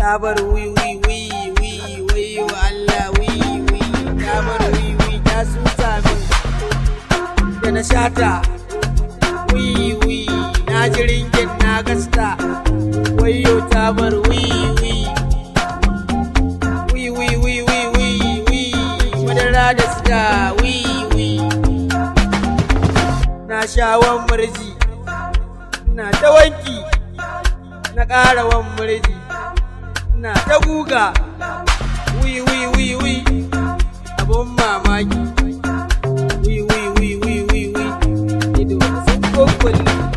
ta bar wi wi wi wi wai wa Allah wi wi ta bar wi wi ta susa min da na shata wi wi na jiringin na gasta wayo ta bar wi wi wi wi wi wi wi wi madara da suka wi wi na shawon murji na ta wanki na ƙara wan murji na ta guga wi wi wi wi abun mamaki wi wi wi wi wi wi ido sun kokkulle